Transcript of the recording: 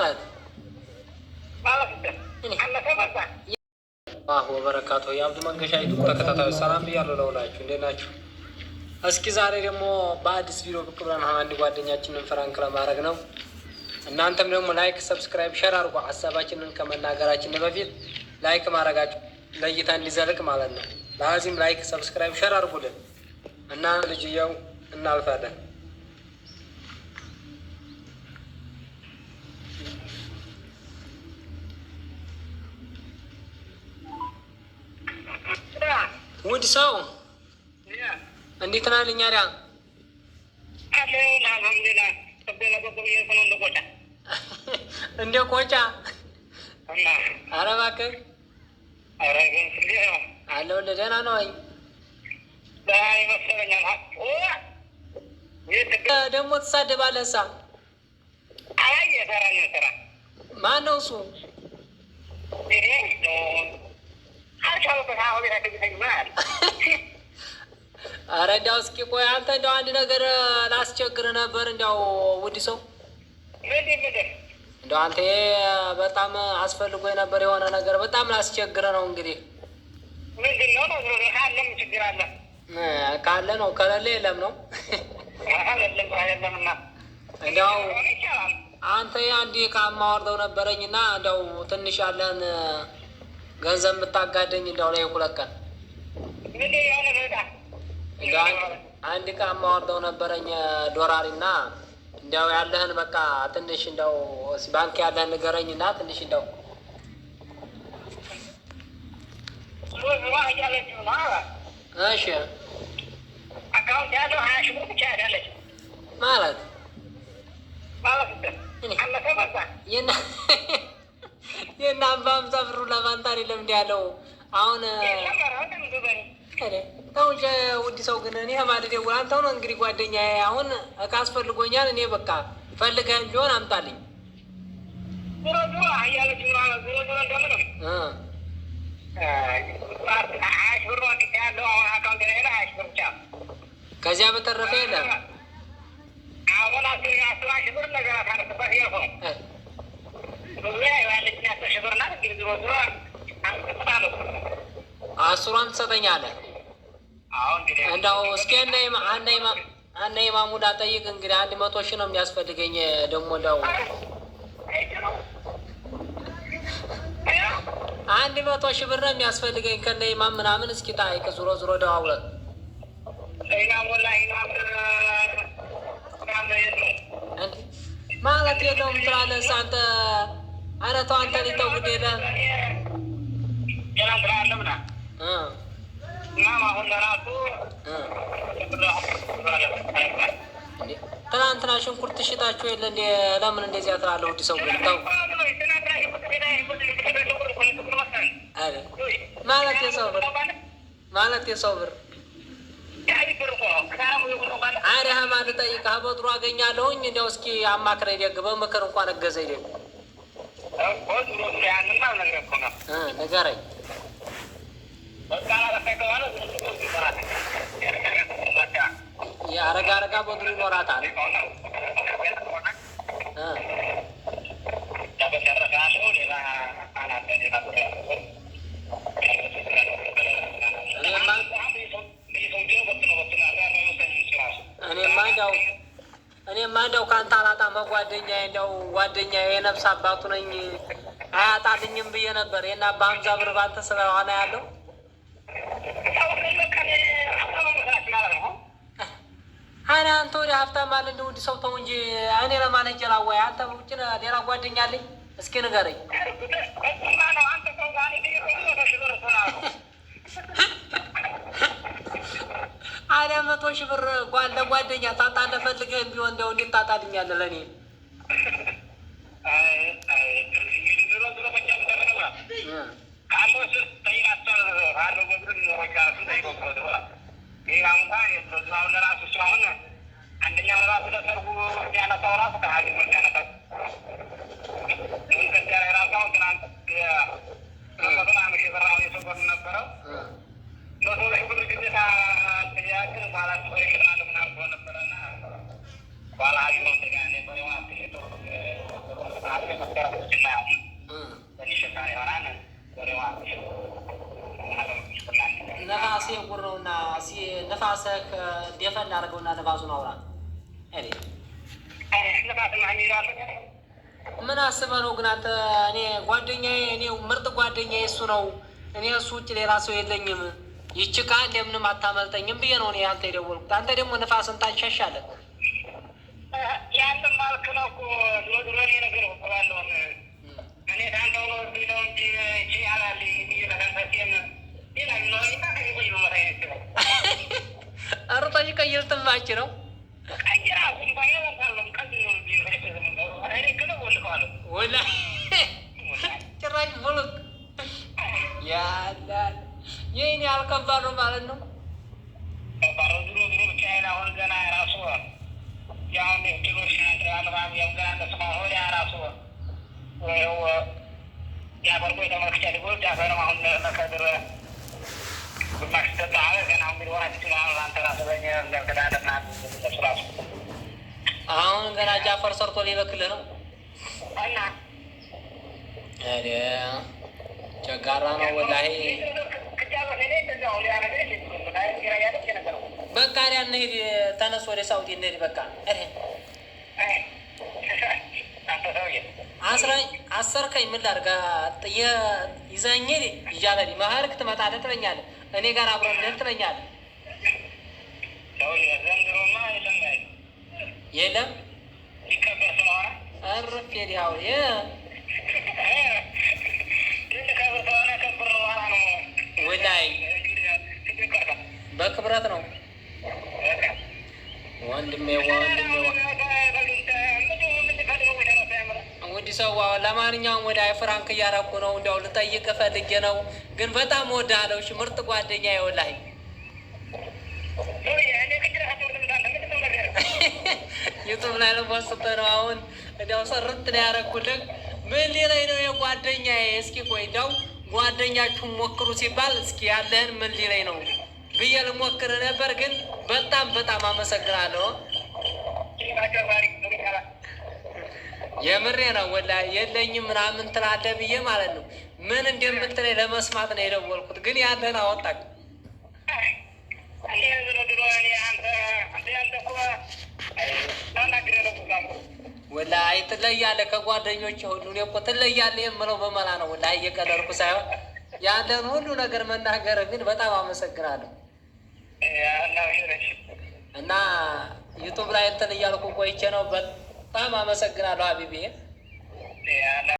ማለት ወበረካቶ የአብዱ መንገሻ ዩቱብ ተከታታዮች ሰላም ብያለሁ ለሁላችሁ፣ እንዴት ናችሁ? እስኪ ዛሬ ደግሞ በአዲስ ቪዲዮ ብቅ ብለን አንድ ጓደኛችንን ፍራንክ ለማድረግ ነው። እናንተም ደግሞ ላይክ፣ ሰብስክራይብ፣ ሸር አድርጎ ሀሳባችንን ከመናገራችን በፊት ላይክ ማድረጋችሁ ለእይታ እንዲዘልቅ ማለት ነው። ለዚህም ላይክ፣ ሰብስክራይብ፣ ሸር አድርጉልን እና ልጅየው እናልፋለን። ውድ ሰው እንዴት ነህ? ልኛ ዳ እንደ ቆጫ ኧረ እባክህ አለሁልህ። ደህና ነው ወይ? ደግሞ ትሳደባለህ። እሳ ማን ነው እሱ? አረ እንዲያው እስኪ ቆይ አንተ እንዲያው አንድ ነገር ላስቸግር ነበር። እንዲያው ውድ ሰው እንዲያው አንተ በጣም አስፈልጎ ነበር የሆነ ነገር በጣም ላስቸግር ነው። እንግዲህ ካለ ነው ከሌለ የለም ነው። እንዲያው አንተ አንድ ከማወርደው ነበረኝ እና እንዲያው ትንሽ ያለን ገንዘብ የምታጋደኝ እንደሆነ የሁለት ቀን አንድ ዕቃ የማወርደው ነበረኝ ዶራሪ እና እንዲያው ያለህን በቃ ትንሽ እንደው ባንክ ያለህን ንገረኝ እና ትንሽ እንደው እሺ አካውንት ያለው ሀያ ሺህ ብር ብቻ አይደለችም ማለት እና አምባ አምሳ ብሩ ለማንታ አይደለም እንዲ ያለው አሁን ተው ውድ ሰው ግን እኔ ማለት ደውል አንተ ነው እንግዲህ ጓደኛ አሁን እቃ አስፈልጎኛል እኔ በቃ ፈልገህም ቢሆን አምጣልኝ ከዚያ በተረፈ የለም አሁን አስር አስራ ሽብር ነገር ሱራን ትሰጠኛለህ። እንዳው እስኪ አና ኢማሙ ላጠይቅ። እንግዲህ አንድ መቶ ሺህ ነው የሚያስፈልገኝ ደግሞ እንዳው አንድ መቶ ሺህ ብር ነው የሚያስፈልገኝ ከነ ኢማም ምናምን። እስኪ ጣይቅ ዙሮ ዙሮ ደዋውለን ማለት የለውም ትላለህ አንተ። ኧረ ተው አንተ ሊተው ግዴለህ ትናንትና ሽንኩርት ሽጣችሁ የለ እንዴ? ለምን እንደዚያ ትላለህ? ውድ ሰው ተው ማለት የሰው ብር ማለት የሰው ብር አሪያ ማለት ጠይቀህ በጥሩ አገኛለሁኝ። እንዲያው እስኪ አማክረኝ ደግ በምክር እንኳን እገዘኝ ደግ ንገረኝ ಈ ಅರಗ ಅರಗ ಬಂದ್ರು ನೋಡಾತ እኔማ እንደው እኔማ እንደው ከአንተ አላጣመ ጓደኛ እንደው ጓደኛ የነፍስ አባቱ ነኝ አያጣልኝም ብዬ ነበር። የና በሀምዛ ብር ባንተ ስለሆነ ያለው አነ አንተ ወደ ሀብታም አለ እንደ ውድ ሰው ተው እንጂ እኔ ለማነጀር አዋይ አንተ ውጭ ሌላ ጓደኛ አለኝ? እስኪ ንገረኝ። አለ መቶ ሺህ ብር ጓደኛ ታጣለ ፈልገህ ቢሆን እንደው እንዴት ለእኔ ነፋሴ ጉረውና ነፋሰ ደፈን እና ነፋሱን አውራ ምን አስበህ ነው ግን አንተ? እኔ ጓደኛዬ እኔ ምርጥ ጓደኛዬ እሱ ነው። እኔ እሱ ውጭ ሌላ ሰው የለኝም። ይቺ ቃል ለምንም አታመልጠኝም ብዬ ነው እኔ አንተ የደወልኩት። አንተ ደግሞ ነፋስን ታሻሻለህ ያንተም አልክ ነው እኮ ድሮ ድሮ እኔ ነገር እቆላለሁ እኔ ዳንዳው ነው የሚለው እንጂ ይችላል ይለከንፈቴን ይላል ነው ይታቆይ በመታ ይችላል አሩጣሽ ቀይር ትማች ነው ቀይራ ጉንባዬ ወንታለም ቀዝ ነው እኔ ግን ወልቀዋለሁ ወላ ጭራሽ ሙሉክ ያላል ይህን ያልከባ ነው ማለት ነው አሁን መከድር ግማሽ ጠጣ አለ ገና ጃፈር ሰርቶ ሊበክልህ ነው እና ነው ወላሂ። በቃ ሪያ እንሂድ፣ ተነስ ወደ ሳውዲ እንሂድ። በቃ አሰርከኝ ምን ላድርግ ይዘኝ እያለ መኸርክ ትመጣለህ ትለኛለህ፣ እኔ ጋር አብረን እንሂድ ትለኛለህ። የለም እርፍ የዲያው ወላይ በክብረት ነው ወንድሜ ወንድሜ ሰው ለማንኛውም ወደ ፍራንክ እያረኩ ነው። እንዲያው ልጠይቅ ፈልጌ ነው፣ ግን በጣም ወዳለው ምርጥ ጓደኛ ይወላኝ ዩቱብ ላይ ልፖስት ነው አሁን። እንዲያው ሰርት ነው ያረኩልህ። ምን ሊለኝ ነው የጓደኛ? እስኪ ቆይ እንዲያው ጓደኛችሁን ሞክሩ ሲባል እስኪ ያለህን ምን ሊለኝ ነው ብዬ ልሞክር ነበር፣ ግን በጣም በጣም አመሰግናለሁ። የምሬ ነው ወላ የለኝም ምናምን ትላለ ብዬ ማለት ነው። ምን እንደምትለኝ ለመስማት ነው የደወልኩት፣ ግን ያለን አወጣቅ ወላ ትለያለህ፣ ከጓደኞች ሁሉ እኔ እኮ ትለያለ የምለው በመላ ነው ወላ እየቀለድኩ ሳይሆን ያለን ሁሉ ነገር መናገር። ግን በጣም አመሰግናለሁ እና ዩቱብ ላይ እንትን እያልኩ ቆይቼ ነው በጣም አመሰግናለሁ ሀቢቤ።